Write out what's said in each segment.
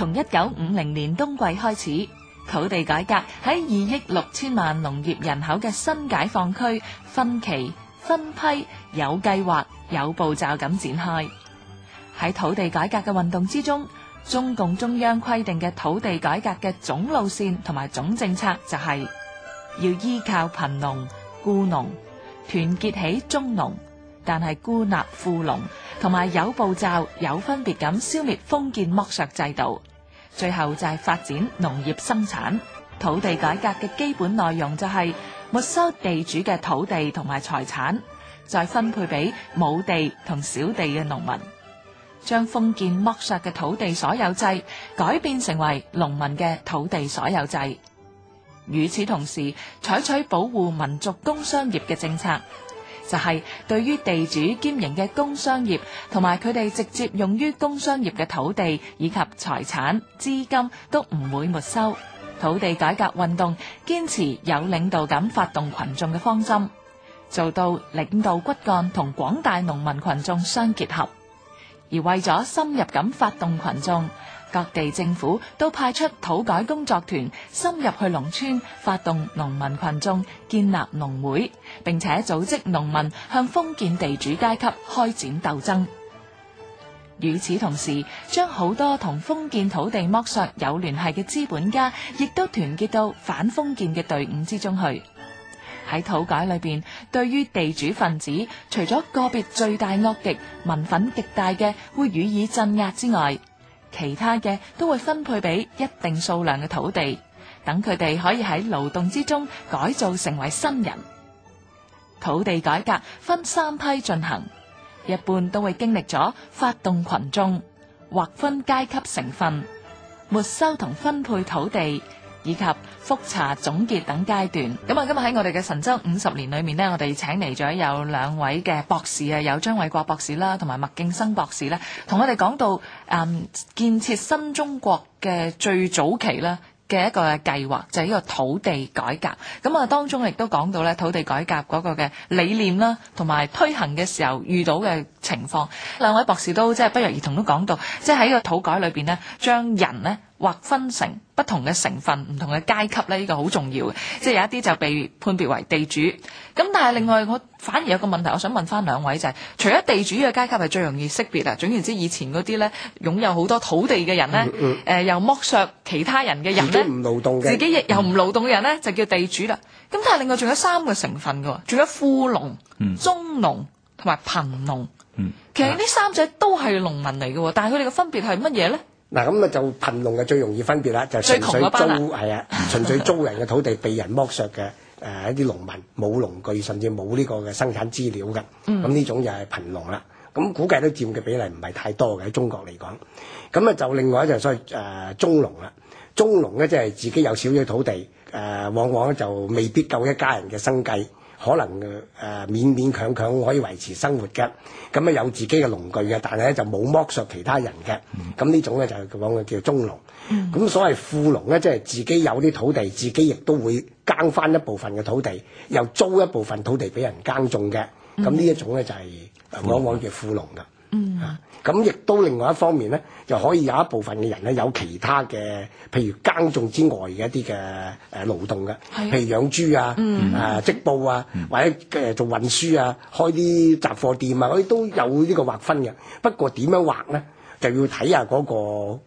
從一九五零年冬季開始，土地改革喺二億六千萬農業人口嘅新解放區，分期分批、有計劃、有步驟咁展開。喺土地改革嘅運動之中，中共中央規定嘅土地改革嘅總路線同埋總政策就係要依靠貧農、僱農，團結起中農，但係孤立富農，同埋有步驟、有分別咁消滅封建剝削制度。最後就係發展農業生產。土地改革嘅基本內容就係沒收地主嘅土地同埋財產，再分配畀冇地同小地嘅農民。就係對於地主兼營嘅工商業，同埋佢哋直接用於工商業嘅土地以及財產資金，都唔會沒收。土地改革運動堅持有領導咁發動羣眾嘅方針，做到領導骨幹同廣大農民羣眾相結合，而為咗深入咁發動羣眾。各地政府都派出土改工作團,深入去農村發動農民群眾,建立農會,並且組織農民向封建地主階級開展鬥爭。其他嘅都會分配俾一定數量嘅土地，等佢哋可以喺勞動之中改造成為新人。土地改革分三批進行，一般都會經歷咗發動群眾、劃分階級成分、沒收同分配土地。以及複查總結等階段。咁啊，今日喺我哋嘅神州五十年裏面呢，我哋請嚟咗有兩位嘅博士啊，有張偉國博士啦，同埋麥敬生博士咧，同我哋講到嗯建設新中國嘅最早期啦嘅一個計劃，就係、是、呢個土地改革。咁、嗯、啊，當中亦都講到咧土地改革嗰個嘅理念啦，同埋推行嘅時候遇到嘅情況，兩位博士都即係不約而同都講到，即係喺個土改裏邊呢，將人呢劃分成不同嘅成分、唔同嘅階級呢。呢、呢個好重要嘅。即係有一啲就被判別為地主，咁但係另外我反而有個問題，我想問翻兩位就係、是，除咗地主嘅階級係最容易識別啦。總言之，以前嗰啲呢，擁有好多土地嘅人呢，誒、嗯嗯呃、又剝削其他人嘅人呢，勞動自己又唔勞動嘅人呢，就叫地主啦。咁但係另外仲有三個成分㗎喎，仲有富農、中農。嗯同埋貧農，其實呢三者都係農民嚟嘅喎，但係佢哋嘅分別係乜嘢咧？嗱咁啊，就貧農嘅最容易分別啦，就純粹租係啊，的 純粹租人嘅土地，被人剝削嘅誒一啲農民，冇農具，甚至冇呢個嘅生產資料嘅，咁呢、嗯、種就係貧農啦。咁估計都佔嘅比例唔係太多嘅喺中國嚟講。咁啊，就另外一所謂誒中農啦。中農咧即係自己有少少土地，誒、呃、往，往往就未必夠一家人嘅生計。可能誒勉勉強強可以維持生活嘅，咁啊有自己嘅農具嘅，但係咧就冇剝削其他人嘅，咁呢種咧就往往叫中農。咁、嗯、所謂富農咧，即係自己有啲土地，自己亦都會耕翻一部分嘅土地，又租一部分土地俾人耕種嘅，咁呢一種咧就係往往叫富農嘅。嗯，咁亦、啊、都另外一方面咧，就可以有一部分嘅人咧，有其他嘅，譬如耕種之外嘅一啲嘅誒勞動嘅，啊、譬如養豬啊，誒織布啊，或者誒、呃、做運輸啊，開啲雜貨店啊，嗰啲都有呢個劃分嘅。不過點樣劃咧，就要睇下嗰、那個。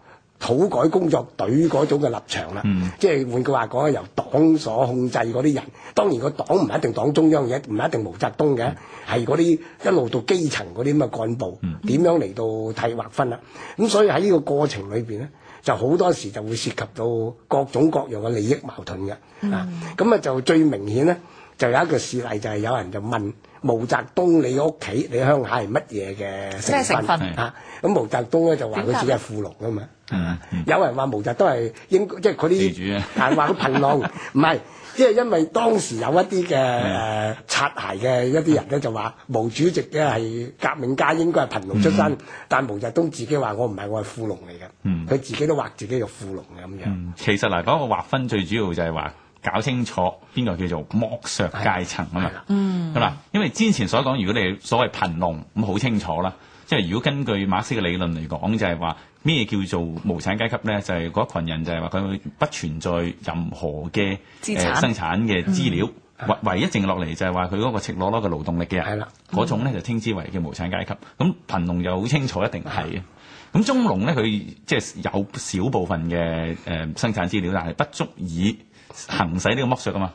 土改工作隊嗰種嘅立場啦，嗯、即係換句話講，由黨所控制嗰啲人。當然個黨唔一定黨中央嘅，唔一定毛澤東嘅，係嗰啲一路到基層嗰啲咁嘅幹部，點、嗯、樣嚟到替劃分啊，咁、嗯、所以喺呢個過程裏邊咧，就好多時就會涉及到各種各樣嘅利益矛盾嘅。嗯、啊，咁啊就最明顯咧。就有一個事例，就係、是、有人就問毛澤東你：你屋企、你鄉下係乜嘢嘅成分？嚇咁、啊、毛澤東咧就話：佢自己係富農啊嘛。嗯嗯、有人話毛澤東係應即係地主啊，但係話佢貧農唔係，即係因為當時有一啲嘅誒擦鞋嘅一啲人咧就話毛主席咧係革命家，應該係貧農出身，嗯、但毛澤東自己話：我唔係，我係富農嚟嘅。佢自己都畫自己個富農咁樣。嗯、其實嗱，講個劃分最主要就係話。搞清楚邊個叫做剝削階層啊嘛，咁啊，因為之前所講，如果你所謂貧農咁好清楚啦，即係如果根據馬克思嘅理論嚟講，就係話咩叫做無產階級咧？就係嗰羣人就係話佢不存在任何嘅產、呃、生產嘅資料，唯、嗯、唯一剩落嚟就係話佢嗰個赤裸裸嘅勞動力嘅人嗰的種咧，就稱之為叫無產階級。咁貧農就好清楚，一定係咁、嗯、的中農咧，佢即係有少部分嘅誒生產資料，但係不足以。行使呢個剝削啊嘛，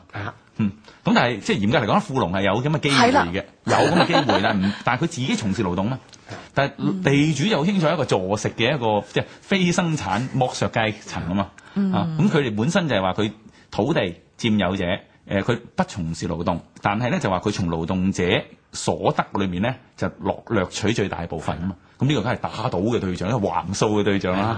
嗯，咁但係即係嚴格嚟講，富農係有咁嘅機會嘅，的有咁嘅機會，但係唔， 但係佢自己從事勞動啦，但係地主又興在一個坐食嘅一個即係非生產剝削階層啊嘛， 嗯、啊，咁佢哋本身就係話佢土地佔有者，誒，佢不從事勞動，但係咧就話佢從勞動者所得裏面咧就落掠取最大部分啊嘛，咁、那、呢個梗係打倒嘅對象，一、就、個、是、橫掃嘅對象啦。對。